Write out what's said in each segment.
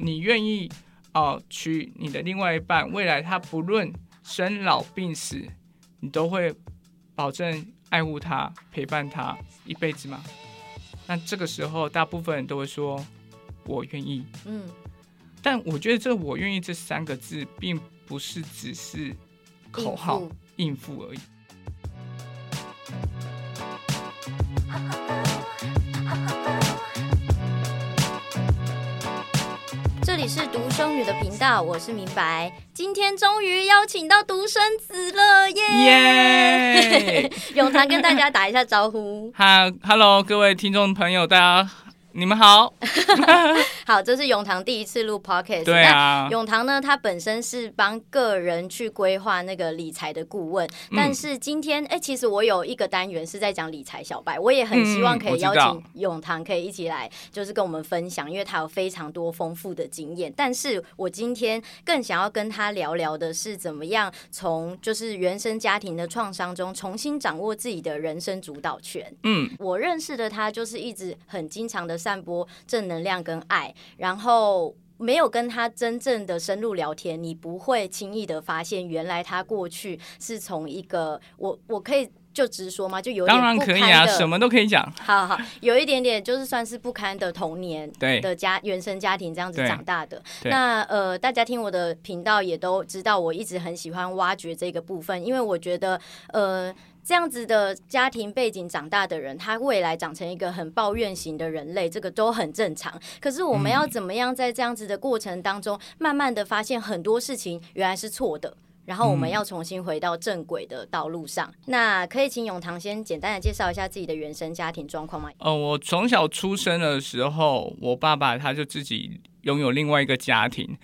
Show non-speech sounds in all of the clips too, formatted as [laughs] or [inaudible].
你願意哦娶你的另外一半，未來他不論生老病死，你都會保證愛護他、陪伴他一輩子嗎？那這個時候，大部分人都會說“我願意”。嗯，但我覺得這“我願意”這三個字，並不是只是口號應付，應付而已。女的頻道，我是明白，今天終於邀請到獨生子了耶！永、yeah! 棠、yeah! [laughs] 永棠笑跟大家打一下招呼，哈，Hello，各位聽眾朋友，大家。你們好 [laughs] 好，這是永棠第一次錄 podcast。對啊，永棠呢，他本身是幫個人去規劃那個理財的顧問、嗯，但是今天，哎、欸，其實我有一個單元是在講理財小白，我也很希望可以邀請永棠可以一起來，就是跟我們分享，因為他有非常多豐富的經驗。但是我今天更想要跟他聊聊的是怎麼樣從就是原生家庭的創傷中重新掌握自己的人生主導權。嗯，我認識的他就是一直很經常的。散播正能量跟愛，然後沒有跟他真正的深入聊天，你不會輕易的發現，原來他過去是從一個我我可以就直說嗎？就有點不堪的，當然可以啊，什麼都可以講。好好，有一點點就是算是不堪的童年的，對的家原生家庭這樣子長大的。那呃，大家聽我的頻道也都知道，我一直很喜歡挖掘這個部分，因為我覺得呃。這樣子的家庭背景長大的人，他未來長成一個很抱怨型的人類，這個都很正常。可是我們要怎麼樣在這樣子的過程當中，嗯、慢慢的發現很多事情原來是錯的，然後我們要重新回到正軌的道路上、嗯。那可以請永棠先簡單的介紹一下自己的原生家庭狀況嗎？呃，我從小出生的時候，我爸爸他就自己。擁有另外一個家庭，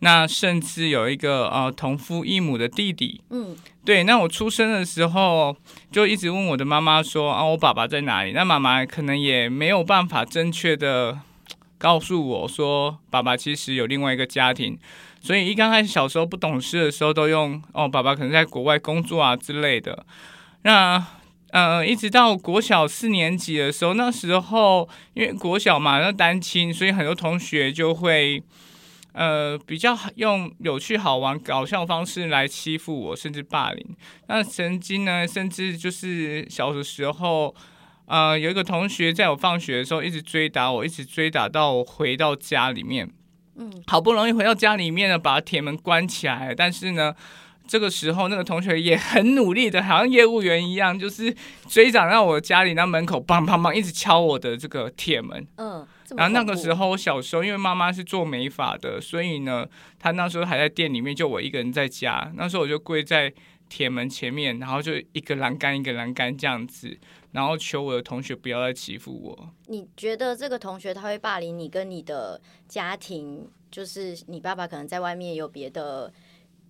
那甚至有一個呃同父異母的弟弟。嗯，對。那我出生的時候就一直問我的媽媽說：“哦、啊，我爸爸在哪裡？”那媽媽可能也沒有辦法正確地告訴我說，爸爸其實有另外一個家庭。所以一剛開始小時候不懂事的時候，都用“哦，爸爸可能在國外工作啊之類的。”那嗯、呃，一直到國小四年級的時候，那時候因為國小嘛，那單親，所以很多同學就會，呃，比較用有趣、好玩、搞笑的方式來欺負我，甚至霸凌。那曾經呢，甚至就是小的時候，呃，有一個同學在我放學的時候一直追打我，一直追打到我回到家裡面。嗯，好不容易回到家裡面呢，把鐵門關起來了，但是呢，這個時候，那個同學也很努力的，好像業務員一樣，就是追長到我家裡那門口，砰砰砰，一直敲我的這個鐵門。嗯，然後那個時候，我小時候因為媽媽是做美髮的，所以呢，她那時候還在店裡面，就我一個人在家。那時候我就跪在鐵門前面，然後就一個欄杆一個欄杆這樣子，然後求我的同學不要再欺負我。你覺得這個同學他會霸凌你，跟你的家庭，就是你爸爸可能在外面也有別的？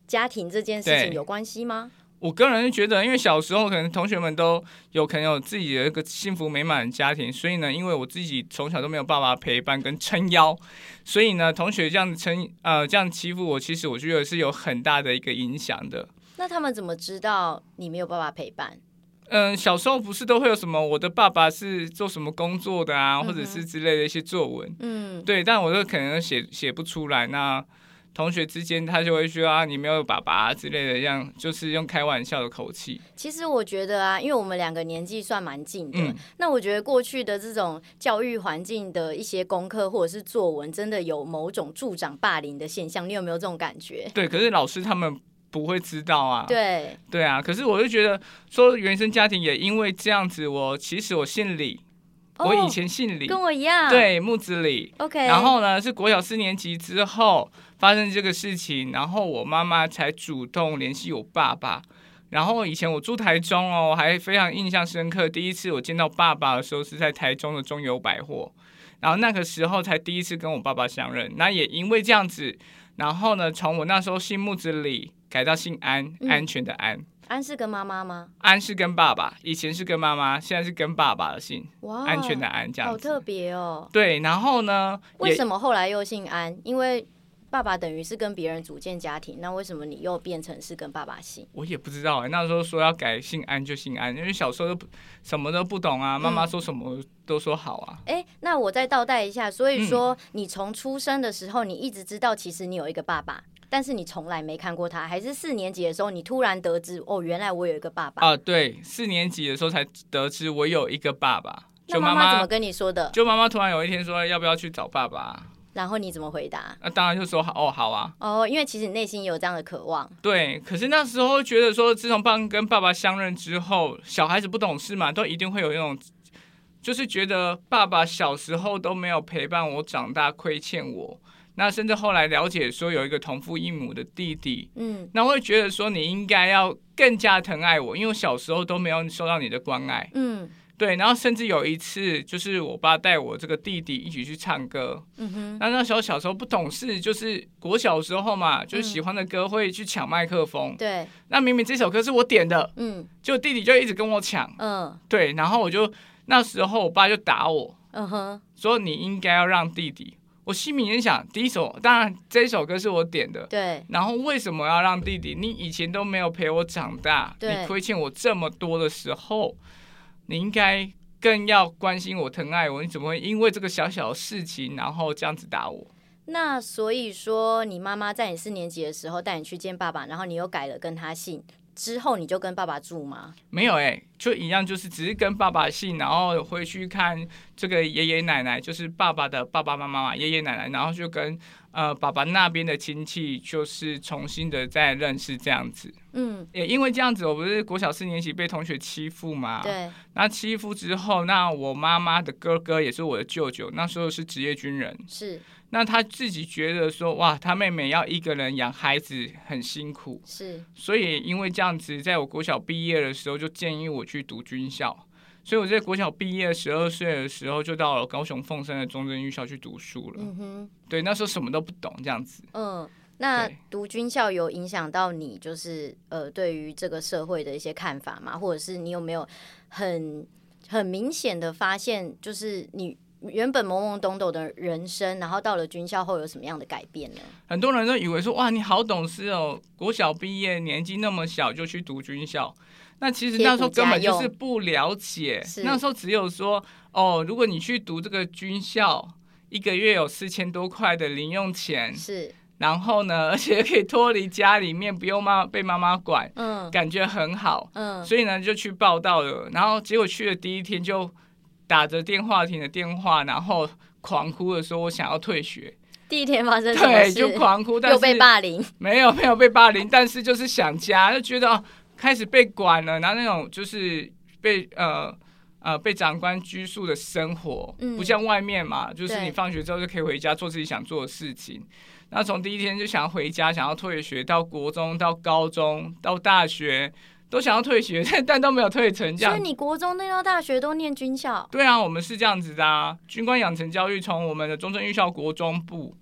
家庭這件事情有關係嗎？我個人覺得，因為小時候可能同學們都有可能有自己的一個幸福美滿的家庭，所以呢，因為我自己從小都沒有爸爸陪伴跟撐腰，所以呢，同學這樣撐呃，這樣欺負我，其實我覺得是有很大的一個影響的。那他們怎麼知道你沒有爸爸陪伴？嗯，小時候不是都會有什麼我的爸爸是做什麼工作的啊，或者是之類的一些作文，嗯，對，但我就可能寫寫不出來那。同學之間，他就會說啊，你沒有爸爸之類的，這樣就是用開玩笑的口氣。其實我覺得啊，因為我們兩個年紀算蠻近的，嗯，那我覺得過去的這種教育環境的一些功課或者是作文，真的有某種助長霸凌的現象。你有沒有這種感覺？對，可是老師他們不會知道啊。對，對啊。可是我就覺得說，原生家庭也因為這樣子，我其實我姓李。Oh, 我以前姓李，跟我一樣。對，木子李。OK。然後呢，是國小四年級之後發生這個事情，然後我媽媽才主動聯繫我爸爸。然後以前我住台中哦，還非常印象深刻。第一次我見到爸爸的時候是在台中的中友百貨，然後那個時候才第一次跟我爸爸相認。那也因為這樣子，然後呢，從我那時候姓木子李改到姓安、嗯，安全的安。安是跟媽媽嗎？安是跟爸爸，以前是跟媽媽，現在是跟爸爸的姓。哇、wow，安全的安這樣子，好特別哦。對，然後呢？為什麼後來又姓安？因為爸爸等於是跟別人組建家庭，那為什麼你又變成是跟爸爸姓？我也不知道、欸，那時候說要改姓安就姓安，因為小時候什麼都不懂啊，媽媽說什麼都說好啊。哎、嗯、欸，那我再倒帶一下，所以說你從出生的時候，你一直知道其實你有一個爸爸。但是你從來沒看過他，還是四年級的時候，你突然得知哦，原來我有一個爸爸啊、呃！對，四年級的時候才得知我有一個爸爸。媽媽就媽媽怎麼跟你說的？就媽媽突然有一天說，要不要去找爸爸、啊？然後你怎麼回答？那、啊、當然就說好哦，好啊哦，因為其實你內心有這樣的渴望。對，可是那時候覺得說，自從爸跟爸爸相認之後，小孩子不懂事嘛，都一定會有那種，就是覺得爸爸小時候都沒有陪伴我長大，虧欠我。那甚至後來了解說有一個同父異母的弟弟，嗯，那會覺得說你應該要更加疼愛我，因為我小時候都沒有受到你的關愛，嗯，對。然後甚至有一次就是我爸帶我這個弟弟一起去唱歌，嗯哼。那那時候小時候不懂事，就是國小時候嘛，就是喜歡的歌會去搶麥克風，對、嗯。那明明這首歌是我點的，嗯，就弟弟就一直跟我搶，嗯，對。然後我就那時候我爸就打我，嗯哼，說你應該要讓弟弟。我心裡面想，第一首當然這首歌是我點的，對。然後為什麼要讓弟弟？你以前都沒有陪我長大，對，你虧欠我這麼多的時候，你應該更要關心我、疼愛我。你怎麼會因為這個小小的事情，然後這樣子打我？那所以說，你媽媽在你四年級的時候帶你去見爸爸，然後你又改了跟他姓，之後你就跟爸爸住嗎？沒有哎、欸。就一樣，就是只是跟爸爸姓，然後回去看這個爺爺奶奶，就是爸爸的爸爸媽媽、爺爺奶奶，然後就跟呃爸爸那邊的親戚，就是重新的再認識這樣子。嗯，也因為這樣子，我不是國小四年級被同學欺負嘛？對。那欺負之後，那我媽媽的哥哥也是我的舅舅，那時候是職業軍人。是。那他自己覺得說，哇，他妹妹要一個人養孩子很辛苦。是。所以因為這樣子，在我國小畢業的時候，就建議我。去讀軍校，所以我在國小畢業十二歲的時候，就到了高雄鳳山的中正預校去讀書了。嗯哼，對，那時候什麼都不懂，這樣子。嗯，那讀軍校有影響到你，就是呃，對於這個社會的一些看法嗎？或者是你有沒有很很明顯的發現，就是你原本懵懵懂懂的人生，然後到了軍校後有什麼樣的改變呢？很多人都以為說，哇，你好懂事哦，國小畢業年紀那麼小就去讀軍校。那其實那時候根本就是不了解，那時候只有說哦，如果你去讀這個軍校，一個月有四千多塊的零用錢，是，然後呢，而且可以脫離家裡面，不用媽被媽媽管，嗯，感覺很好，嗯，所以呢就去報到了，然後結果去了第一天就打着電話亭的電話，然後狂哭的說，我想要退學。第一天發生什麼事？對，就狂哭，但是又被霸凌？沒有，沒有被霸凌， [laughs] 但是就是想家，就覺得。哦。開始被管了，然後那種就是被呃呃被長官拘束的生活，嗯、不像外面嘛，就是你放學之後就可以回家做自己想做的事情。那從第一天就想回家，想要退學到國中、到高中、到大學都想要退學，但但都沒有退成。這樣，所以你國中到大學都念軍校？對啊，我們是這樣子的啊，軍官養成教育從我們的中正預校國中部，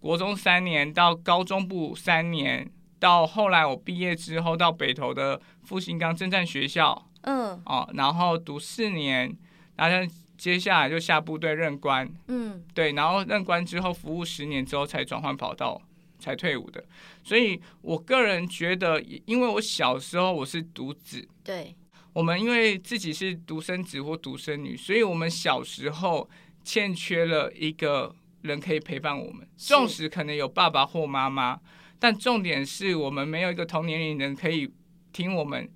國中三年到高中部三年。到後來我畢業之後，到北投的復興崗政戰學校，嗯，哦，然後讀四年，然後接下來就下部隊任官，嗯，對，然後任官之後服務十年之後才轉換跑道，才退伍的。所以我個人覺得，因為我小時候我是獨子，對，我們因為自己是獨生子或獨生女，所以我們小時候欠缺了一個人可以陪伴我們，縱使可能有爸爸或媽媽。但重點是我們沒有一個同年齡人可以聽我們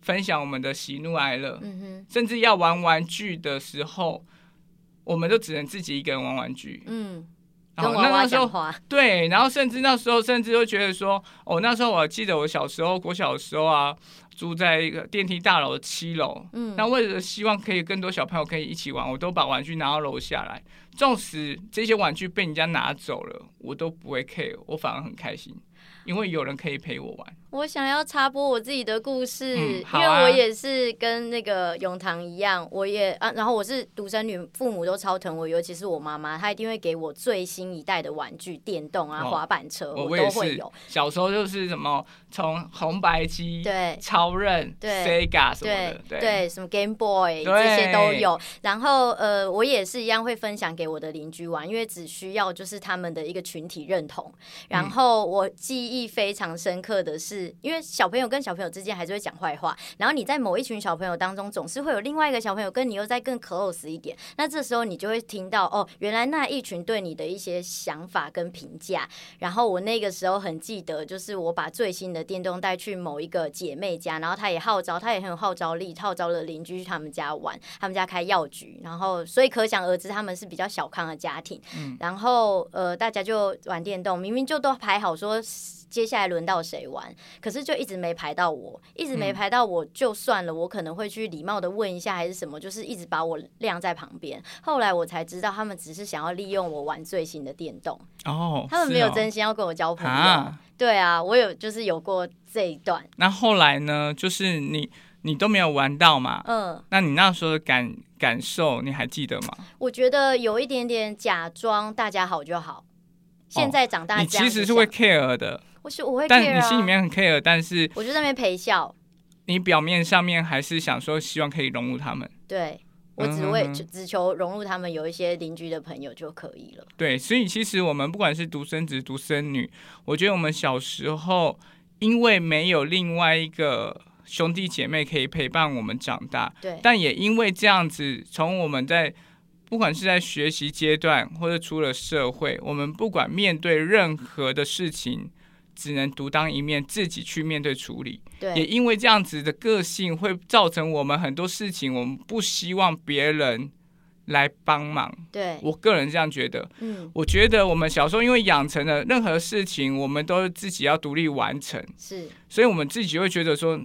分享我們的喜怒哀樂，嗯，甚至要玩玩具的時候，我們都只能自己一個人玩玩具。嗯，然後跟娃娃講話。那那時候，對，然後甚至那時候甚至都覺得說，哦，那時候我記得我小時候，我小時候啊，住在一個電梯大樓的七樓。嗯，那為了希望可以更多小朋友可以一起玩，我都把玩具拿到樓下來，縱使這些玩具被人家拿走了，我都不會 care，我反而很開心。因為有人可以陪我玩。我想要插播我自己的故事，嗯啊、因為我也是跟那個永棠一樣，我也啊，然後我是獨生女，父母都超疼我，尤其是我媽媽，她一定會給我最新一代的玩具，電動啊、哦、滑板車、哦、我都會有也。小時候就是什麼從紅白機、嗯、對超人、對 Sega 什麼的，對，對什麼 Game Boy 這些都有。然後呃，我也是一樣會分享給我的鄰居玩，因為只需要就是他們的一個群體認同。然後我記憶非常深刻的是，嗯因為小朋友跟小朋友之間還是會講壞話，然後你在某一群小朋友當中，總是會有另外一個小朋友跟你又再更 close 一點，那這時候你就會聽到哦，原來那一群對你的一些想法跟評價。然後我那個時候很記得，就是我把最新的電動帶去某一個姐妹家，然後她也號召，她也很有號召力，號召了鄰居去他們家玩。他們家開藥局，然後所以可想而知，他們是比較小康的家庭。嗯，然後呃，大家就玩電動，明明就都排好說。接下來輪到誰玩？可是就一直沒排到我，一直沒排到我就算了。我可能會去禮貌的問一下，還是什麼？就是一直把我晾在旁邊。後來我才知道，他們只是想要利用我玩最新的電動哦，哦。他們沒有真心要跟我交朋友。啊對啊，我有就是有過這一段。那後來呢？就是你你都沒有玩到嘛？嗯。那你那時候的感感受你還記得嗎？我覺得有一點點假裝大家好就好。現在長大，哦、你、其實是會 care 的。我會、啊、但你心裡面很 care，但是我就在那邊陪笑。你表面上面還是想說希望可以融入他們，對，我只為、嗯、只求融入他們，有一些鄰居的朋友就可以了。對，所以其實我們不管是獨生子、獨生女，我覺得我們小時候因為沒有另外一個兄弟姐妹可以陪伴我們長大，對，但也因為這樣子，從我們在不管是在學習階段，或者出了社會，我們不管面對任何的事情。只能獨當一面，自己去面對處理。對，也因為這樣子的個性，會造成我們很多事情，我們不希望別人來幫忙。對我個人這樣覺得。嗯，我覺得我們小時候因為養成了任何事情，我們都是自己要獨立完成。是，所以我們自己會覺得說，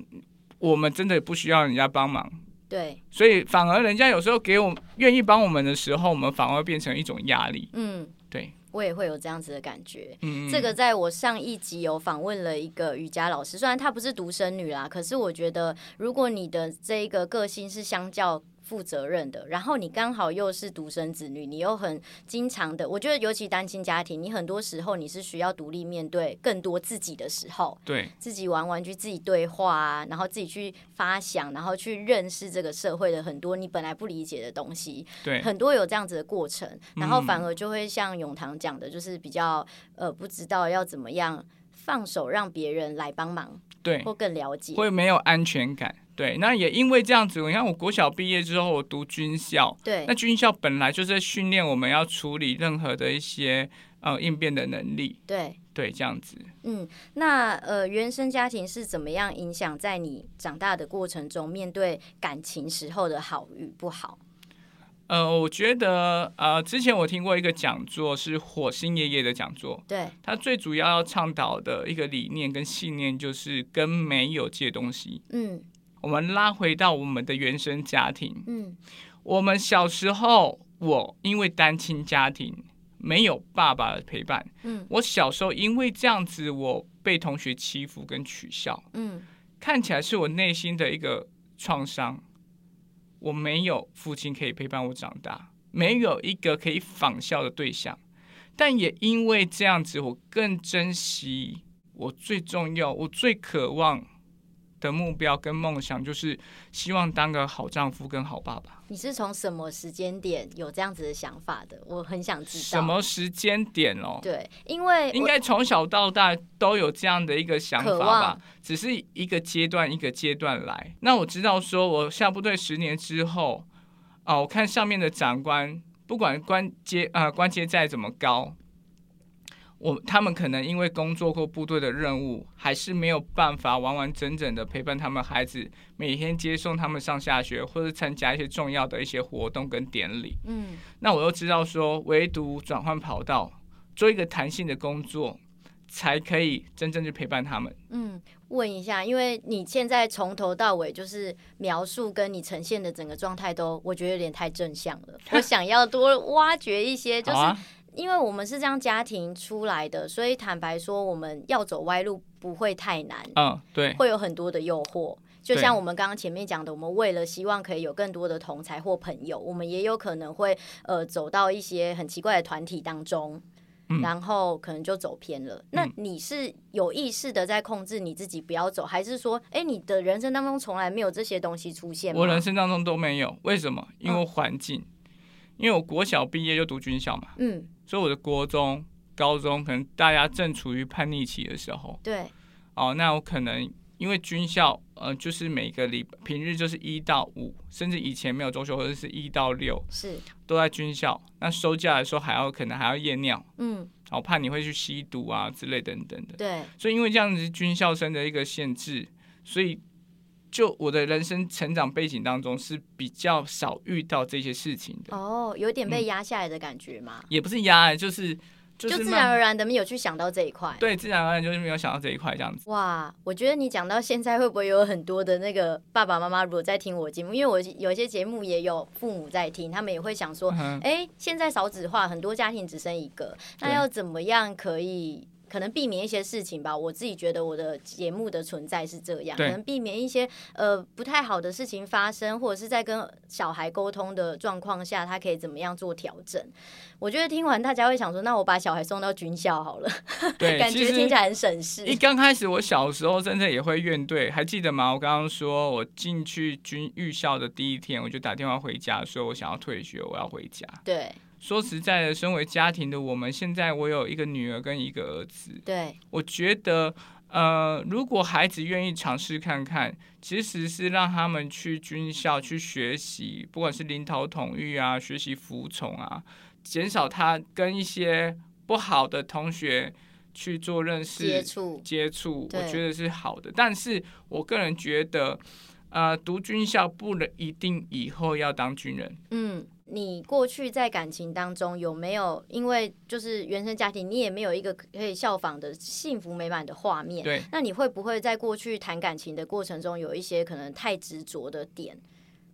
我們真的不需要人家幫忙。對，所以反而人家有時候給我願意幫我們的時候，我們反而會變成一種壓力。嗯，對。我也會有這樣子的感覺。嗯，這個在我上一集有訪問了一個瑜伽老師，雖然她不是獨生女啦，可是我覺得如果你的這一個個性是相較負責任的，然後你剛好又是獨生子女，你又很經常的，我覺得尤其單親家庭，你很多時候你是需要獨立面對更多自己的時候，對，自己玩玩具，自己對話啊，然後自己去發想，然後去認識這個社會的很多你本來不理解的東西，對，很多有這樣子的過程，然後反而就會像永棠講的，就是比較、嗯、呃，不知道要怎麼樣放手讓別人來幫忙，對，或更了解，會沒有安全感。對，那也因為這樣子，你看，我國小畢業之後，我讀軍校。對。那軍校本來就是在訓練我們要處理任何的一些呃應變的能力。對。對，這樣子。嗯，那呃，原生家庭是怎麼樣影響在你長大的過程中面對感情時候的好與不好？呃，我覺得呃，之前我聽過一個講座是火星爺爺的講座，對，他最主要要倡導的一個理念跟信念就是跟沒有借東西。嗯。我們拉回到我們的原生家庭。嗯，我們小時候，我因為單親家庭，沒有爸爸的陪伴。嗯，我小時候因為這樣子，我被同學欺負跟取笑。嗯，看起來是我內心的一個創傷。我沒有父親可以陪伴我長大，沒有一個可以仿效的對象。但也因為這樣子，我更珍惜我最重要，我最渴望。的目標跟夢想，就是希望當個好丈夫跟好爸爸。你是從什麼時間點有這樣子的想法的？我很想知道。什麼時間點哦？對，因為應該從小到大都有這樣的一個想法吧，只是一個階段一個階段來。那我知道，說我下部隊十年之後，哦、啊，我看上面的長官，不管官階啊，官階再怎麼高。我他們可能因為工作或部隊的任務，還是沒有辦法完完整整的陪伴他們孩子，每天接送他們上下學，或者參加一些重要的一些活動跟典禮。嗯，那我又知道說，唯獨轉換跑道，做一個彈性的工作，才可以真正去陪伴他們。嗯，問一下，因為你現在從頭到尾就是描述跟你呈現的整個狀態都，我覺得有點太正向了。 [laughs] 我想要多挖掘一些，就是。因為我們是這樣家庭出來的，所以坦白說，我們要走歪路不會太難。嗯，對，會有很多的誘惑。就像我們剛剛前面講的，我們為了希望可以有更多的同才或朋友，我們也有可能會呃走到一些很奇怪的團體當中，然後可能就走偏了。嗯，那你是有意識的在控制你自己不要走，還是說，哎，你的人生當中從來沒有這些東西出現？我人生當中都沒有。為什麼？因為環境，嗯，因為我國小畢業就讀軍校嘛。嗯。所以我的國中、高中，可能大家正處於叛逆期的時候，對，哦，那我可能因為軍校，呃，就是每個禮拜，平日就是一到五，甚至以前沒有週休，或者是一到六，是都在軍校。那收假的時候還要可能還要驗尿，嗯，好、哦、怕你會去吸毒啊之類等等的。對，所以因為這樣子是軍校生的一個限制，所以，就我的人生成長背景當中是比較少遇到這些事情的哦，oh, 有點被壓下來的感覺嘛、嗯？也不是壓下來，就是、就是、就自然而然的沒有去想到這一塊。對，自然而然就是沒有想到這一塊這樣子。哇，我覺得你講到現在，會不會有很多的那個爸爸媽媽如果在聽我節目，因為我有一些節目也有父母在聽，他們也會想說，哎、uh-huh. 欸，現在少子化，很多家庭只生一個，那要怎麼樣可以？可能避免一些事情吧，我自己覺得我的節目的存在是這樣，可能避免一些呃不太好的事情發生，或者是在跟小孩溝通的狀況下，他可以怎麼樣做調整？我覺得聽完大家會想說，那我把小孩送到軍校好了，對， [laughs] 感覺聽起來很省事。咦，一剛開始我小時候真的也會怨懟，還記得嗎？我剛剛說我進去軍預校的第一天，我就打電話回家說，所以我想要退學，我要回家。對。說實在的，身為家庭的我們現在，我有一個女兒跟一個兒子。對，我覺得，呃，如果孩子願意嘗試看看，其實是讓他們去軍校去學習，不管是領導統御啊，學習服從啊，減少他跟一些不好的同學去做認識接觸，接觸，我覺得是好的。但是我個人覺得，呃，讀軍校不一定以後要當軍人。嗯。你過去在感情當中有沒有，因為就是原生家庭，你也沒有一個可以效仿的幸福美滿的畫面？對，那你會不會在過去談感情的過程中有一些可能太執着的點，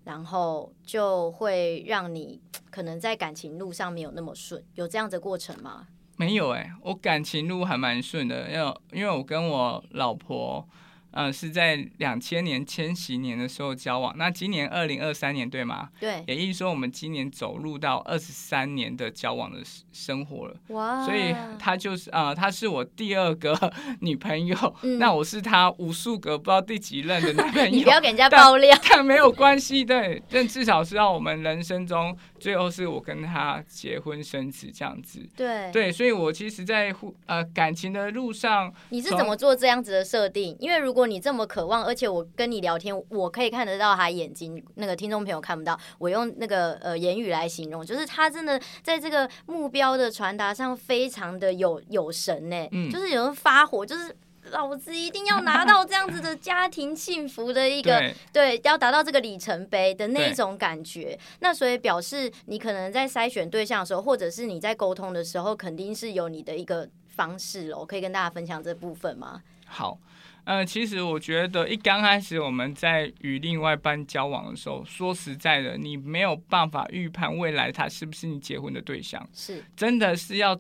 然後就會讓你可能在感情路上沒有那麼順？有這樣的過程嗎？沒有哎，我感情路還蠻順的，因為因為我跟我老婆。呃，是在兩千年千禧年的時候交往。那今年二零二三年對嗎？對，也意思說我們今年走入到二十三年的交往的生活了。哇！所以他就是呃，他是我第二個女朋友，嗯。那我是他無數個不知道第幾任的女朋友。呵呵，你不要給人家爆料但。但沒有關係，對，但至少是讓我們人生中 [laughs] 最後是我跟他結婚生子這樣子。對對，所以我其實在，在呃感情的路上，你是怎麼做這樣子的設定？因為如果你這麼渴望，而且我跟你聊天，我可以看得到他眼睛。那個聽眾朋友看不到，我用那個呃言語來形容，就是他真的在這個目標的傳達上非常的有有神呢、欸嗯。就是有人發火，就是老子一定要拿到這樣子的家庭幸福的一個 [laughs] 對，對，要達到這個里程碑的那一種感覺。那所以表示你可能在篩選對象的時候，或者是你在溝通的時候，肯定是有你的一個方式了，我可以跟大家分享這部分嗎？好。嗯、呃，其實我覺得一剛開始我們在與另外一半交往的時候，說實在的，你沒有辦法預判未來他是不是你結婚的對象，是真的是要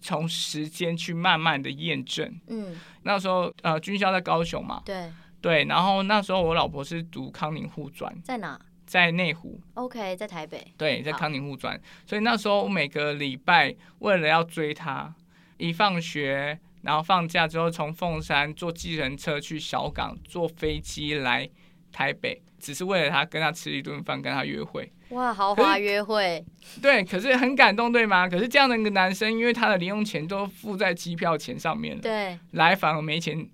從時間去慢慢的驗證。嗯，那時候呃軍校在高雄嘛，對對，然後那時候我老婆是讀康寧護專，在哪？在內湖。OK，在台北。對，在康寧護專，所以那時候我每個禮拜為了要追她，一放學。然後放假之後，從鳳山坐計程車去小港，坐飛機來台北，只是為了他跟他吃一頓飯，跟他約會。哇，豪華約會！對，可是很感動，對嗎？可是這樣的一個男生，因為他的零用錢都付在機票錢上面了，對，來反而沒錢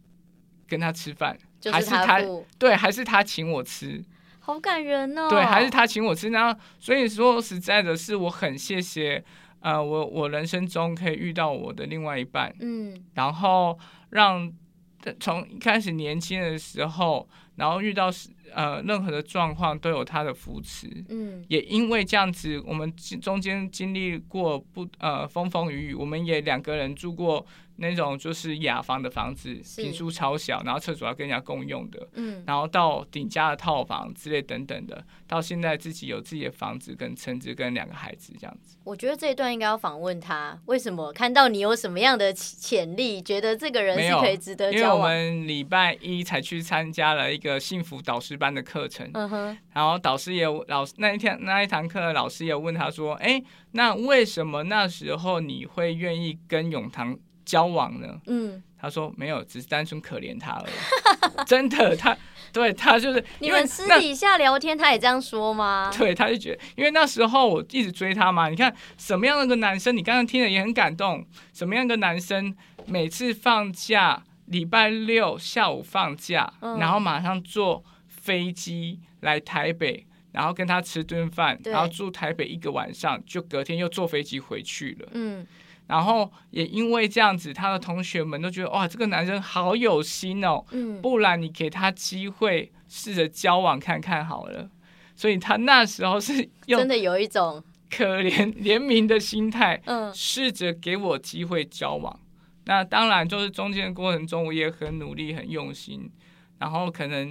跟他吃飯，就是，還是他對，還是他請我吃，好感人哦。對，還是他請我吃，然後所以說實在的是，我很謝謝。呃，我我人生中可以遇到我的另外一半，嗯，然後讓從一開始年輕的時候，然後遇到呃任何的狀況都有他的扶持，嗯，也因為這樣子，我們中間經歷過不，呃，風風雨雨，我們也兩個人住過。那種就是雅房的房子，坪數超小，然後廁所要跟人家共用的。嗯，然後到頂家的套房之類等等的，到現在自己有自己的房子跟車子跟兩個孩子這樣子。我覺得這一段應該要訪問他，為什麼看到你有什麼樣的潛力，覺得這個人是可以值得。因為我們禮拜一才去參加了一個幸福導師班的課程，嗯哼，然後導師也老師那一天那一堂課的老師也問他說：“哎、欸，那為什麼那時候你會願意跟永棠？”交往呢？嗯，他說沒有，只是單純可憐他而已。 [laughs] 真的，他對他就是你們私底下聊天，他也這樣說嗎？對，他就覺得，因為那時候我一直追他嘛。你看什麼樣的個男生？你剛剛聽了也很感動。什麼樣的個男生？每次放假，禮拜六下午放假，嗯、然後馬上坐飛機來台北，然後跟他吃頓飯，然後住台北一個晚上，就隔天又坐飛機回去了。嗯。然後也因為這樣子，他的同學們都覺得哇，這個男生好有心哦！嗯，不然你給他機會試着交往看看好了。所以他那時候是用真的有一種可憐憐憫的心態，嗯，試着給我機會交往。那當然就是中間的過程中，我也很努力、很用心，然後可能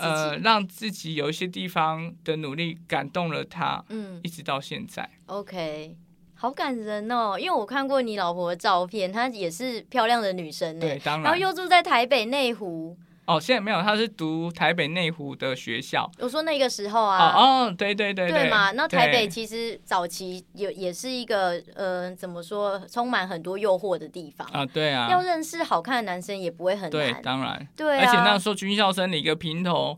呃讓自己有一些地方的努力感動了他。嗯，一直到現在。OK。好感人哦，因為我看過你老婆的照片，她也是漂亮的女生呢。然後又住在台北內湖。哦，現在沒有，她是讀台北內湖的學校。我說那個時候啊。哦對、哦、對對對。對嘛？那台北其實早期也也是一個，呃，怎麼說，充滿很多誘惑的地方啊。對啊。要認識好看的男生也不會很難。對，當然。對啊。而且那時候軍校生的一個平頭，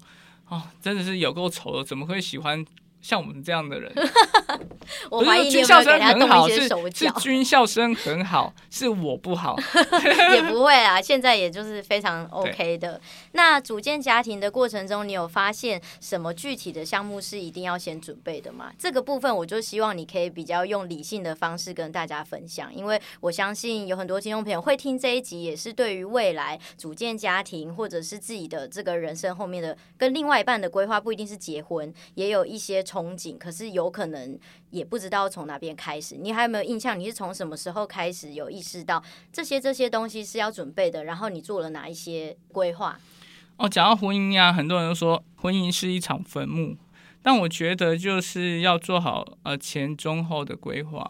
哦，真的是有夠醜的，怎麼會喜歡像我們這樣的人？ [laughs] 我懷疑你有沒有跟人家動一些手腳？軍校生很好，是、是軍校生很好，是我不好 [laughs] [laughs] 也不會啊，現在也就是非常 OK 的。那組建家庭的過程中，你有發現什麼具體的項目是一定要先準備的嗎？這個部分我就希望你可以比較用理性的方式跟大家分享，因為我相信有很多聽眾朋友會聽這一集，也是對於未來組建家庭或者是自己的這個人生後面的跟另外一半的規劃，不一定是結婚，也有一些憧憬，可是有可能。也不知道從哪邊開始，你還有沒有印象？你是從什麼時候開始有意識到這些這些東西是要準備的？然後你做了哪一些規劃？哦，講到婚姻啊，很多人都說婚姻是一場墳墓，但我覺得就是要做好呃前中後的規劃。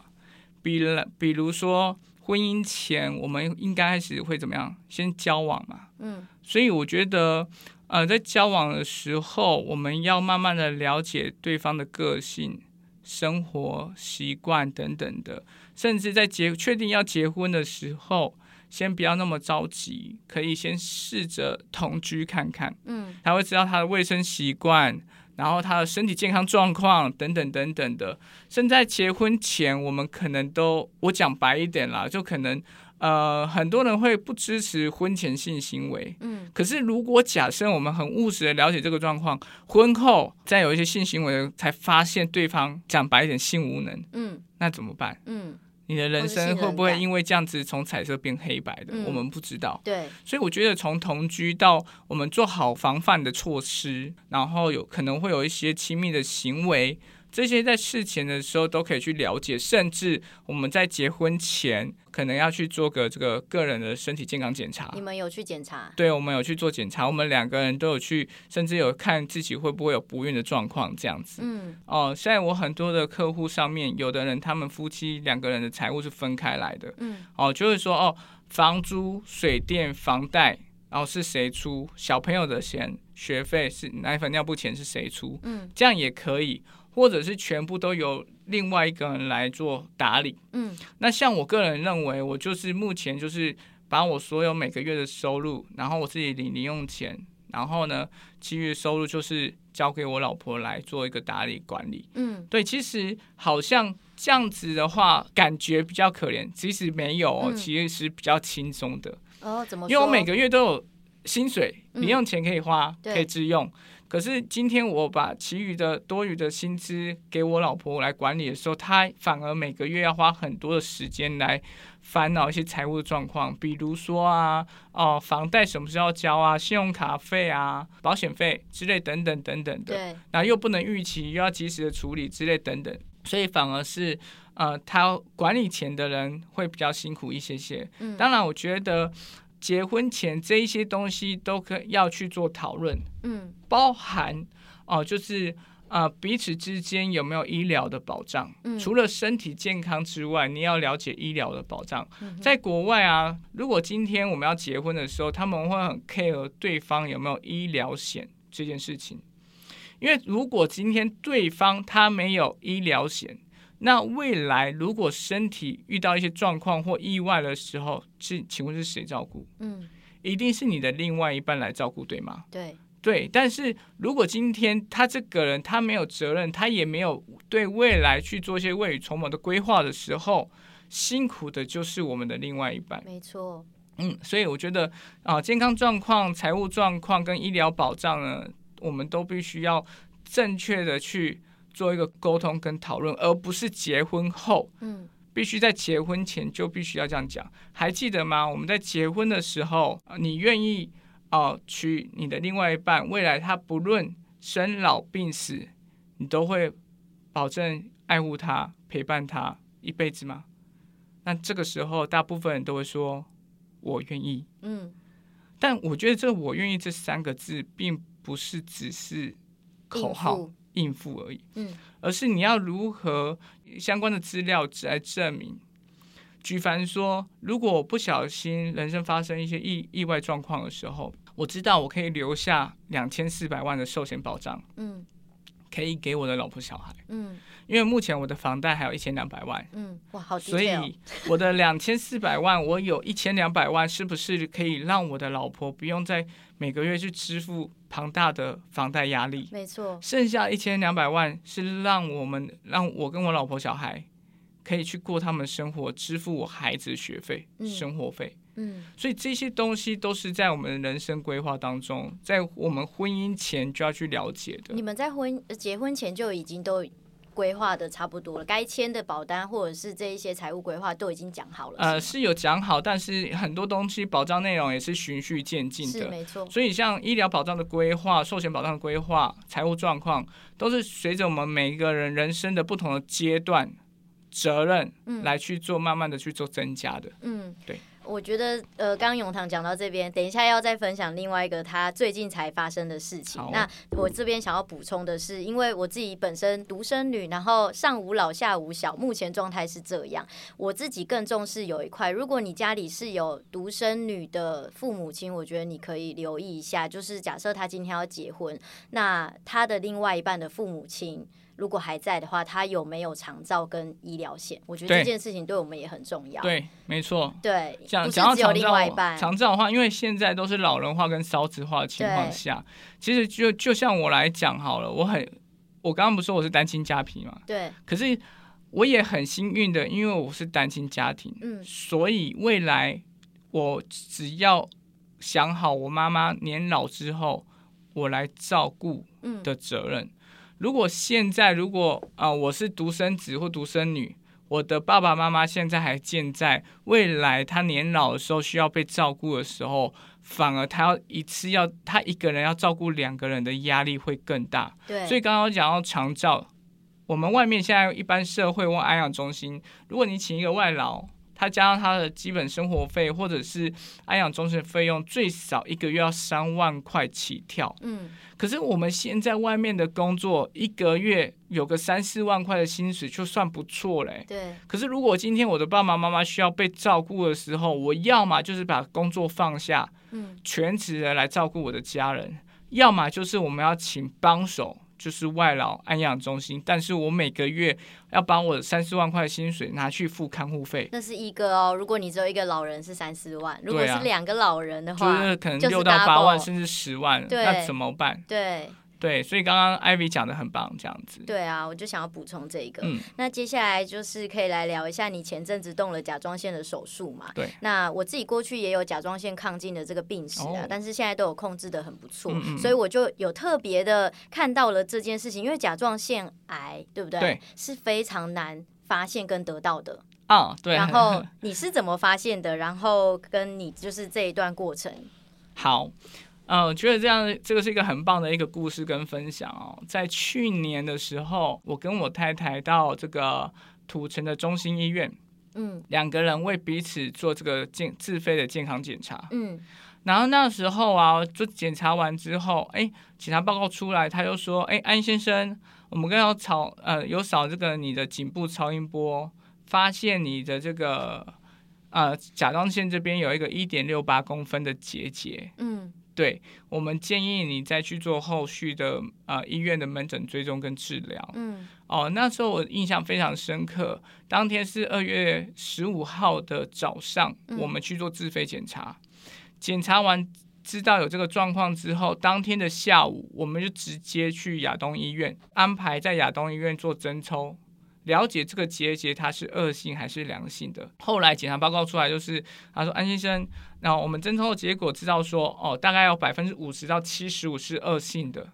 比了比如說婚姻前，我們應該是會怎麼樣？先交往嘛，嗯。所以我覺得呃，在交往的時候，我們要慢慢的了解對方的個性。生活習慣等等的，甚至在結確定要結婚的時候，先不要那麼着急，可以先試着同居看看，嗯，還會知道他的衛生習慣，然後他的身體健康狀況等等等等的。甚至在結婚前，我們可能都，我講白一點啦，就可能。呃，很多人會不支持婚前性行為。嗯，可是如果假設我們很務實的了解這個狀況，婚後再有一些性行為，才發現對方講白一點性無能。嗯，那怎麼辦？嗯，你的人生會不會因為這樣子從彩色變黑白的？嗯，我們不知道。對，所以我覺得從同居到我們做好防範的措施，然後有可能會有一些親密的行為。這些在事前的時候都可以去了解，甚至我們在結婚前可能要去做個這個個人的身體健康檢查。你們有去檢查？對，我們有去做檢查，我們兩個人都有去，甚至有看自己會不會有不孕的狀況這樣子。嗯。哦，現在我很多的客戶上面，有的人他們夫妻兩個人的財務是分開來的。嗯。哦，就是說哦，房租、水電、房貸，然後是誰出？小朋友的錢、學費是奶粉、尿布錢是誰出？嗯，這樣也可以。或者是全部都由另外一個人來做打理。嗯，那像我個人認為，我就是目前就是把我所有每個月的收入，然後我自己領零用錢，然後呢，其餘收入就是交給我老婆來做一個打理管理。嗯，對，其實好像這樣子的話，感覺比較可憐。其實沒有、喔嗯，其實是比較輕鬆的。哦，怎麼說？因為我每個月都有薪水，零用錢可以花，嗯、可以自用。可是今天我把其餘的多餘的薪資給我老婆來管理的時候，她反而每個月要花很多的時間來煩惱一些財務的狀況，比如說啊，哦，房貸什麼時候要交啊，信用卡費啊，保險費之類等等等等的。對。然後又不能逾期，又要及時的處理之類等等，所以反而是呃，他管理錢的人會比較辛苦一些些。嗯。當然，我覺得。結婚前這一些東西都可要去做討論，嗯，包含哦、呃，就是啊、呃，彼此之間有沒有醫療的保障，嗯，除了身體健康之外，你要了解醫療的保障、嗯。在國外啊，如果今天我們要結婚的時候，他們會很 care 對方有沒有醫療險這件事情，因為如果今天對方他沒有醫療險。那未來如果身體遇到一些狀況或意外的時候，是請問是誰照顧？嗯，一定是你的另外一半來照顧，對嗎？對對。但是如果今天他這個人他沒有責任，他也沒有對未來去做一些未雨綢繆的規劃的時候，辛苦的就是我們的另外一半。沒錯。嗯，所以我覺得啊、呃，健康狀況、財務狀況跟醫療保障呢，我們都必須要正確的去。做一個溝通跟討論，而不是結婚後，嗯，必須在結婚前就必須要這樣講。還記得嗎？我們在結婚的時候，你願意哦、呃、娶你的另外一半，未來他不論生老病死，你都會保證愛護他、陪伴他一輩子嗎？那這個時候，大部分人都會說“我願意”。嗯，但我覺得這“我願意”這三個字，並不是只是口號。嗯應付而已，嗯，而是你要如何相關的資料來證明？舉凡說，如果不小心人生發生一些意意外狀況的時候，我知道我可以留下兩千四百萬的壽險保障，嗯，可以給我的老婆小孩，嗯，因為目前我的房貸還有一千兩百萬，嗯，哇，好，哦，所以我的兩千四百萬，我有一千兩百萬，是不是可以讓我的老婆不用再每個月去支付？龐大的房貸壓力，沒錯，剩下一千兩百萬是讓我們讓我跟我老婆小孩可以去過他們生活，支付我孩子的學費、嗯、生活費。嗯，所以這些東西都是在我們人生規劃當中，在我們婚姻前就要去了解的。你們在婚結婚前就已經都。規劃的差不多了，該簽的保單或者是這一些財務規劃都已經講好了。呃，是有講好，但是很多東西保障內容也是循序漸進的，沒錯。所以像醫療保障的規劃、壽險保障的規劃、財務狀況，都是隨着我們每一個人人生的不同的階段責任來去做，慢慢的去做增加的。嗯，對。我覺得，呃，剛剛永棠講到這邊，等一下要再分享另外一個他最近才發生的事情。那我這邊想要補充的是，因為我自己本身獨生女，然後上無老下無小，目前狀態是這樣。我自己更重視有一塊，如果你家裡是有獨生女的父母親，我覺得你可以留意一下，就是假設他今天要結婚，那他的另外一半的父母親。如果還在的話，他有沒有長照跟醫療險？我覺得這件事情對我們也很重要。對，對沒錯。對，這樣不是只有另外一半。長照的話，因為現在都是老人化跟少子化的情況下，其實就就像我來講好了，我很我剛剛不是說我是單親家庭嘛？對。可是我也很幸運的，因為我是單親家庭，嗯，所以未來我只要想好我媽媽年老之後我來照顧的責任。嗯如果現在如果啊、呃、我是獨生子或獨生女，我的爸爸媽媽現在還健在，未來他年老的時候需要被照顧的時候，反而他要一次要他一個人要照顧兩個人的壓力會更大。對，所以剛剛我講要長照，我們外面現在一般社會或安養中心，如果你請一個外勞。他加上他的基本生活費，或者是安養中心的費用，最少一個月要三萬塊起跳。可是我們現在外面的工作，一個月有個三四萬塊的薪水就算不錯嘞。可是如果今天我的爸爸媽媽需要被照顧的時候，我要麼就是把工作放下，全職的來照顧我的家人，要麼就是我們要請幫手。就是外勞安養中心，但是我每個月要把我三四萬塊薪水拿去付看護費，那是一個哦。如果你只有一個老人是三四萬，如果是兩個老人的話，啊、就是可能六到八萬，就是，甚至十萬，那怎麼辦？對。對，所以剛剛 Ivy 講的很棒，這樣子。對啊，我就想要補充這一個、嗯。那接下來就是可以來聊一下你前陣子動了甲狀腺的手術嘛？對。那我自己過去也有甲狀腺亢進的這個病史啊、哦，但是現在都有控制的很不錯、嗯，所以我就有特別的看到了這件事情，嗯、因為甲狀腺癌，對不對？對。是非常難發現跟得到的啊、哦，對。然後你是怎麼發現的？ [laughs] 然後跟你就是這一段過程。好。嗯、啊，我覺得這樣這個是一個很棒的一個故事跟分享哦。在去年的時候，我跟我太太到這個土城的中心醫院，嗯，兩個人為彼此做這個健自費的健康檢查，嗯，然後那時候啊，就檢查完之後，哎，檢查報告出來，他又說，哎，安先生，我們剛剛有掃，呃，有掃這個你的頸部超音波，發現你的這個呃甲狀腺這邊有一個一點六八公分的結節，嗯。對，我們建議你再去做後續的啊、呃、醫院的門診追蹤跟治療。嗯，哦，那時候我印象非常深刻，當天是二月十五號的早上，嗯，我們去做自費檢查，檢查完知道有這個狀況之後，當天的下午我們就直接去亞東醫院安排在亞東醫院做針抽，了解這個結節、節它是惡性還是良性的。後來檢查報告出來就是，他說安先生。那我們偵測的結果知道說，哦，大概有百分之五十到七十五是惡性的。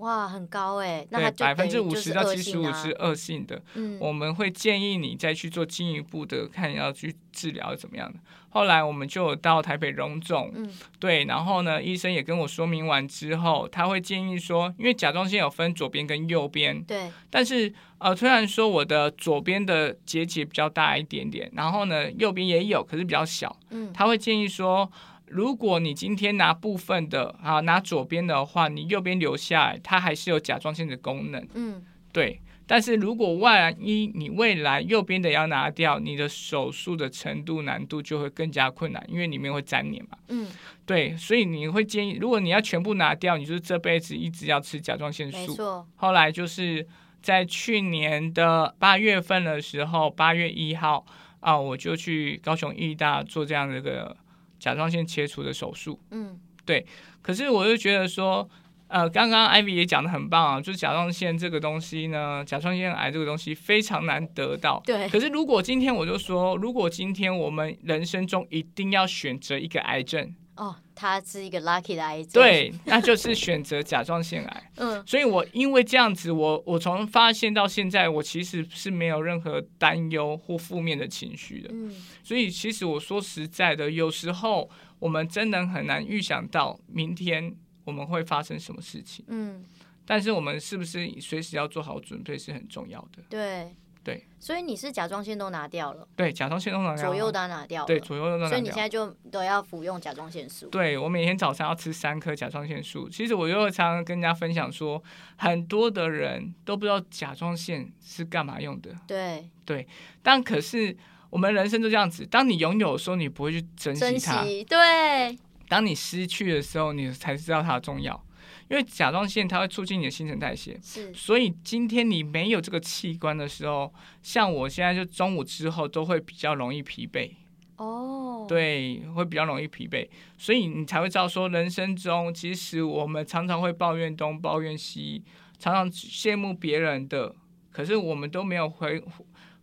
哇，很高哎！那百分之五十到七十五是惡性的，嗯，我們會建議你再去做進一步的看，要去治療怎麼樣的。後來我們就到台北榮總，嗯，對，然後呢，醫生也跟我說明完之後，他會建議說，因為甲狀腺有分左邊跟右邊，對，但是呃，雖然說我的左邊的結節比較大一點點，然後呢，右邊也有，可是比較小，嗯，他會建議說。如果你今天拿部分的啊，拿左邊的話，你右邊留下來，它還是有甲狀腺的功能。嗯，對。但是如果萬一你未來右邊的要拿掉，你的手術的程度難度就會更加困難，因為裡面會沾黏嘛。嗯，對。所以你會建議，如果你要全部拿掉，你就是這輩子一直要吃甲狀腺素。沒錯。後來就是在去年的八月份的時候，八月一號啊，我就去高雄醫大做這樣的一個。甲狀腺切除的手術，嗯，對。可是我就覺得說，呃，剛剛艾薇也講得很棒啊，就是甲狀腺這個東西呢，甲狀腺癌這個東西非常難得到。對。可是如果今天我就說，如果今天我們人生中一定要選擇一個癌症。哦，他是一個 lucky 的癌，對，那就是選擇甲狀腺癌。 [laughs] 嗯，所以，我因為這樣子，我我從發現到現在，我其實是沒有任何擔憂或負面的情緒的。嗯，所以，其實我說實在的，有時候我們真的很難預想到明天我們會發生什麼事情。嗯，但是我們是不是隨時要做好準備是很重要的。對。對，所以你是甲狀腺都拿掉了？對，甲狀腺都拿掉了。左右都拿掉了。對，左右都，都拿掉了。所以你現在就都要服用甲狀腺素？對，我每天早上要吃三顆甲狀腺素。其實我又常常跟人家分享說，很多的人都不知道甲狀腺是幹嘛用的。對對，但可是我們人生就這樣子，當你擁有的時候，你不會去珍惜它珍惜。對，當你失去的時候，你才知道它的重要。因為甲狀腺它會促進你的新陳代謝，是，所以今天你沒有這個器官的時候，像我現在就中午之後都會比較容易疲憊，哦、oh.，對，會比較容易疲憊，所以你才會知道說，人生中其實我們常常會抱怨東抱怨西，常常羨慕別人的，可是我們都沒有回。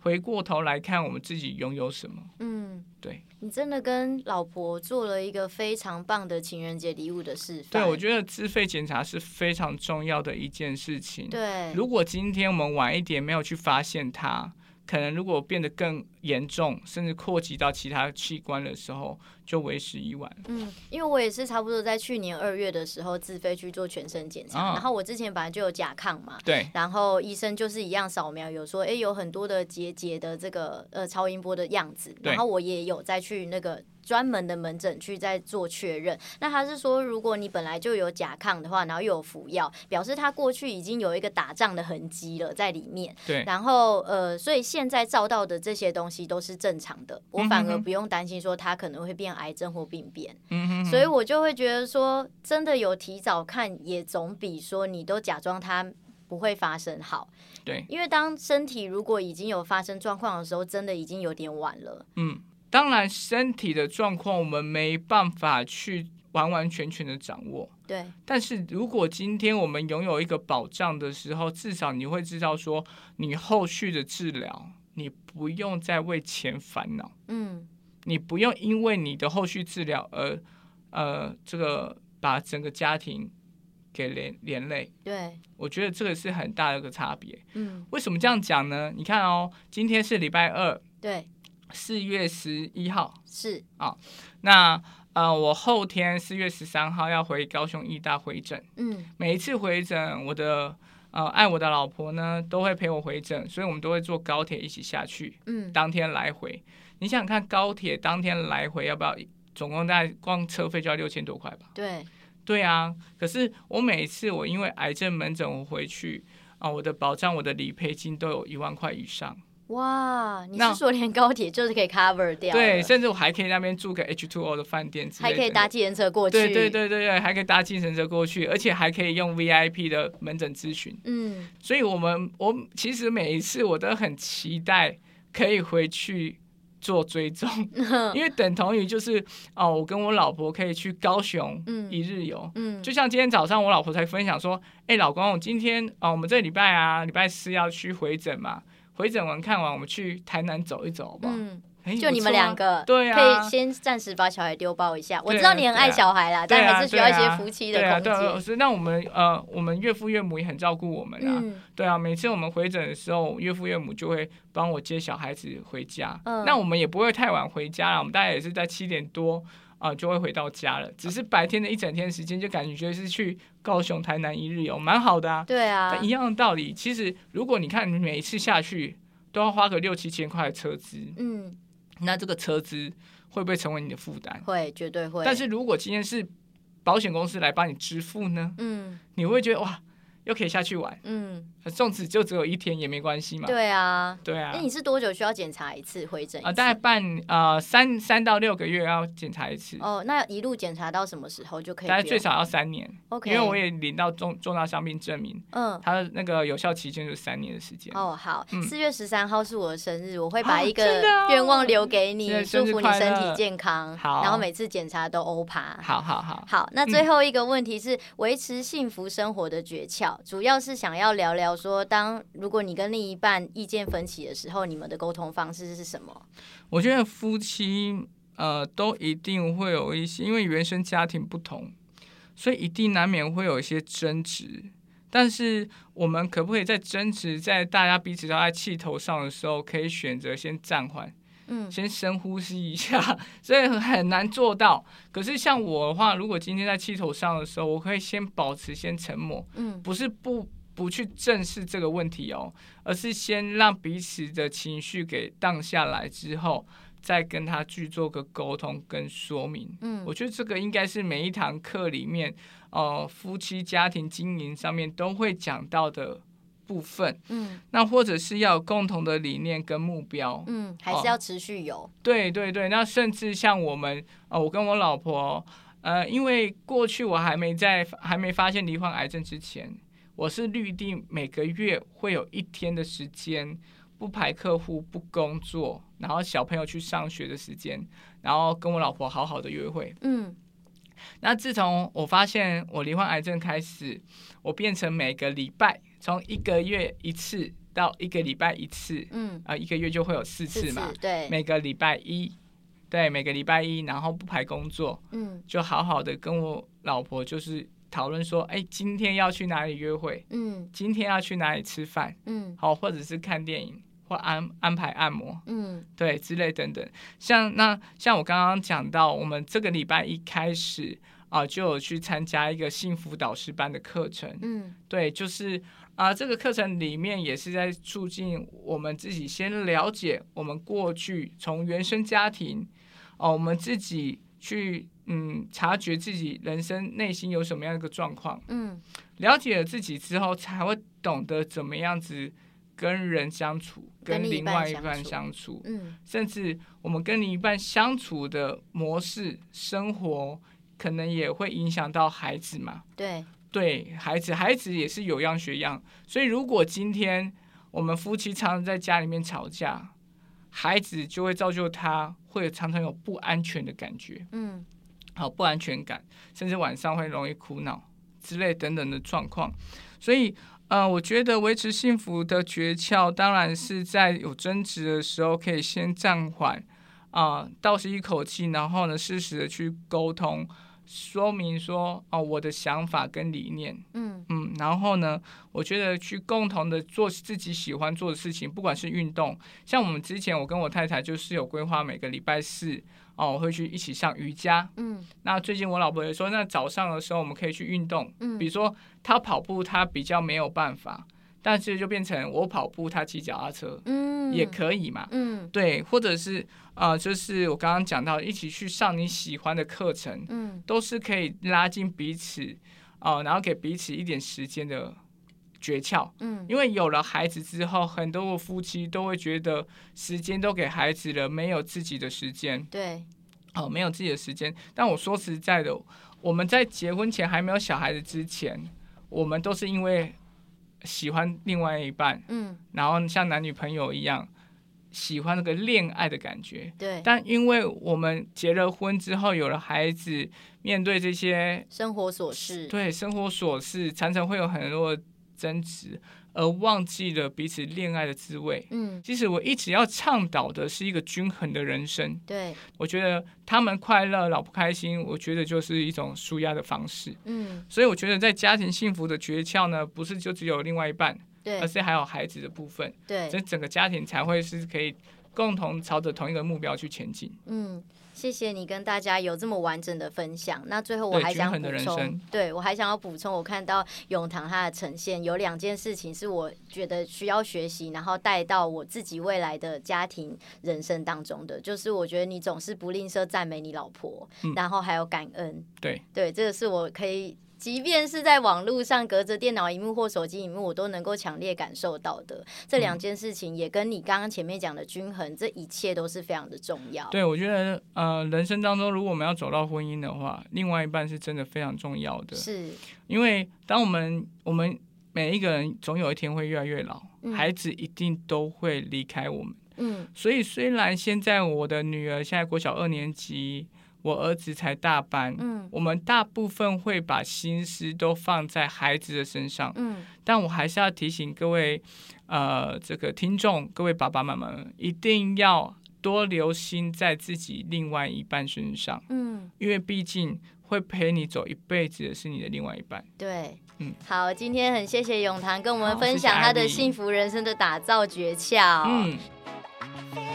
回過頭來看，我們自己擁有什麼？嗯，對，你真的跟老婆做了一個非常棒的情人節禮物的事。對，我覺得自費檢查是非常重要的一件事情。對，如果今天我們晚一點沒有去發現它。可能如果變得更嚴重，甚至擴及到其他器官的時候，就為時已晚。嗯，因為我也是差不多在去年二月的時候自費去做全身檢查，哦，然後我之前本來就有甲亢嘛，對，然後醫生就是一樣掃描，有說哎，欸，有很多的結節的這個呃超音波的樣子，然後我也有再去那個。專門的門診去再做確認。那他是說，如果你本來就有甲亢的話，然後又有服藥，表示他過去已經有一個打仗的痕跡了在裡面。對。然後呃，所以現在照到的這些東西都是正常的，我反而不用擔心說他可能會變癌症或病變。嗯哼哼。所以我就會覺得說，真的有提早看，也總比說你都假裝他不會發生好。對。因為當身體如果已經有發生狀況的時候，真的已經有點晚了。嗯。當然，身體的狀況我們沒辦法去完完全全的掌握。對，但是如果今天我們擁有一個保障的時候，至少你會知道說，你後續的治療，你不用再為錢煩惱。嗯，你不用因為你的後續治療而呃，這個把整個家庭給連連累。對，我覺得這個是很大的一個差別。嗯，為什麼這樣講呢？你看哦，今天是禮拜二。對。四月十一號，是啊、哦，那呃，我後天四月十三號要回高雄醫大回診。嗯，每一次回診，我的呃愛我的老婆呢都會陪我回診，所以我們都會坐高鐵一起下去。嗯，當天來回，你想想看，高鐵當天來回要不要？總共大概光車費就要六千多塊吧？對，對啊。可是我每一次我因為癌症門診我回去啊、呃，我的保障，我的理賠金都有一萬塊以上。哇，你是說連高鐵就是可以 cover 掉？Now, 對，甚至我還可以那邊住個 H2O 的飯店之類的，還可以搭計程車過去。對對對對，還可以搭計程車過去，而且還可以用 VIP 的門診諮詢。嗯，所以我們我們其實每一次我都很期待可以回去做追蹤、嗯，因為等同於就是哦，我跟我老婆可以去高雄一日遊、嗯。嗯，就像今天早上我老婆才分享說，哎、欸，老公，我今天啊、哦，我們這禮拜啊，禮拜四要去回診嘛。回診完看完，我們去台南走一走吧，嗯欸。就你們兩個，啊啊，可以先暫時把小孩丟包一下。我知道你很愛小孩啦，啊、但還是需要一些夫妻的空間。對啊，對啊，所以那我們呃，我們岳父岳母也很照顧我們啊，嗯。對啊，每次我們回診的時候，岳父岳母就會幫我接小孩子回家，嗯。那我們也不會太晚回家啦，我們大概也是在七點多。啊，就會回到家了。只是白天的一整天時間，就感覺是去高雄、台南一日遊，蠻好的啊。對啊，一樣的道理。其實，如果你看每一次下去都要花個六七千塊的車資，嗯，那這個車資會不會成為你的負擔？會，絕對會。但是如果今天是保險公司來幫你支付呢？嗯，你會覺得哇。又可以下去玩，嗯，粽子，就只有一天也沒關係嘛。對啊，對啊。那、嗯、你是多久需要檢查一次？回診啊、呃？大概半呃三三到六個月要檢查一次。哦，那一路檢查到什麼時候就可以？大概最少要三年。OK。因為我也領到重重大傷病證明，嗯，他的那個有效期就是三年的時間。哦，好。四、嗯、月十三號是我的生日，我會把一個願望留給你、啊哦，祝福你身體健康。好，然後每次檢查都歐趴。好好好。好，那最後一個問題是維、嗯、持幸福生活的訣竅。主要是想要聊聊說，當如果你跟另一半意見分歧的時候，你們的溝通方式是什麼？我覺得夫妻呃都一定會有一些，因為原生家庭不同，所以一定難免會有一些爭執。但是我們可不可以，在爭執在大家彼此都在氣頭上的時候，可以選擇先暫緩。嗯，先深呼吸一下，所以很難做到。可是像我的話，如果今天在氣頭上的時候，我可以先保持先沉默，嗯，不是不不去正視這個問題哦，而是先讓彼此的情緒給盪下來之後，再跟他去做個溝通跟說明。嗯，我覺得這個應該是每一堂課裡面，呃，夫妻家庭經營上面都會講到的。部分，嗯，那或者是要有共同的理念跟目標，嗯，還是要持續有、哦，對對對，那甚至像我們，哦，我跟我老婆，呃，因為過去我還沒在還沒發現罹患癌症之前，我是預定每個月會有一天的時間不排客戶不工作，然後小朋友去上學的時間，然後跟我老婆好好的約會，嗯，那自從我發現我罹患癌症開始，我變成每個禮拜。從一個月一次到一個禮拜一次，嗯，啊、呃，一個月就會有四次嘛，四次，對，每個禮拜一，對，每個禮拜一，然後不排工作，嗯，就好好的跟我老婆就是討論說，哎、欸，今天要去哪裡約會，嗯，今天要去哪裡吃飯，嗯，好，或者是看電影或安安排按摩，嗯，對，之類等等，像那像我剛剛講到，我們這個禮拜一開始。啊，就有去參加一個幸福導師班的課程。嗯，對，就是啊，這個課程裡面也是在促進我們自己先了解我們過去從原生家庭哦、啊，我們自己去嗯察覺自己人生內心有什麼樣的一個狀況。嗯，了解了自己之後，才會懂得怎麼樣子跟人相處，跟相處，跟另外一半相處。嗯，甚至我們跟另一半相處的模式、生活，可能也會影響到孩子嘛，對。對，對孩子，孩子也是有樣學樣。所以，如果今天我們夫妻常常在家裡面吵架，孩子就會造就他會常常有不安全的感覺。嗯，好，不安全感，甚至晚上會容易哭鬧之類等等的狀況。所以，呃，我覺得維持幸福的訣竅，當然是在有爭執的時候，可以先暫緩啊，呃，倒吸一口氣，然後呢，適時的去溝通。說明說哦，我的想法跟理念，嗯嗯，然後呢，我覺得去共同的做自己喜歡做的事情，不管是運動，像我們之前我跟我太太就是有規劃，每個禮拜四哦，我會去一起上瑜伽，嗯，那最近我老婆也說，那早上的時候我們可以去運動，嗯，比如說她跑步，她比較沒有辦法，但是就變成我跑步，她騎腳踏車，嗯。也可以嘛，嗯，嗯，對，或者是啊、呃，就是我剛剛講到一起去上你喜歡的課程，嗯，都是可以拉近彼此，啊、呃，然後給彼此一點時間的訣竅，嗯，因為有了孩子之後，很多夫妻都會覺得時間都給孩子了，沒有自己的時間，對，哦，沒有自己的時間。但我說實在的，我們在結婚前還沒有小孩子之前，我們都是因為。喜歡另外一半，嗯，然後像男女朋友一樣喜歡那個戀愛的感覺，對。但因為我們結了婚之後有了孩子，面對這些生活瑣事，對生活瑣事常常會有很多的爭執。而忘記了彼此戀愛的滋味。嗯，其實我一直要倡導的是一個均衡的人生。對，我覺得他們快樂老不開心，我覺得就是一種舒壓的方式。嗯，所以我覺得在家庭幸福的訣竅呢，不是就只有另外一半，對，而是還有孩子的部分。對，所以整個家庭才會是可以共同朝着同一個目標去前進。嗯。謝謝你跟大家有這麼完整的分享。那最後我還想補充，對，對我還想要補充，我看到永棠他的呈現有兩件事情，是我覺得需要學習，然後帶到我自己未來的家庭人生當中的，就是我覺得你總是不吝嗇讚美你老婆，嗯，然後還有感恩。對，對，這個是我可以。即便是在網絡上，隔着電腦熒幕或手機熒幕，我都能夠強烈感受到的這兩件事情，也跟你剛剛前面講的均衡，嗯，這一切都是非常的重要。對，我覺得，呃，人生當中，如果我們要走到婚姻的話，另外一半是真的非常重要的。是，因為當我們我們每一個人總有一天會越來越老，嗯，孩子一定都會離開我們。嗯，所以雖然現在我的女兒現在國小二年級。我兒子才大班，嗯，我們大部分會把心思都放在孩子的身上，嗯，但我還是要提醒各位，呃，這個聽眾，各位爸爸媽媽，一定要多留心在自己另外一半身上，嗯，因為畢竟會陪你走一輩子的是你的另外一半，對，嗯，好，今天很謝謝永棠跟我們分享他的幸福人生的打造訣竅，嗯。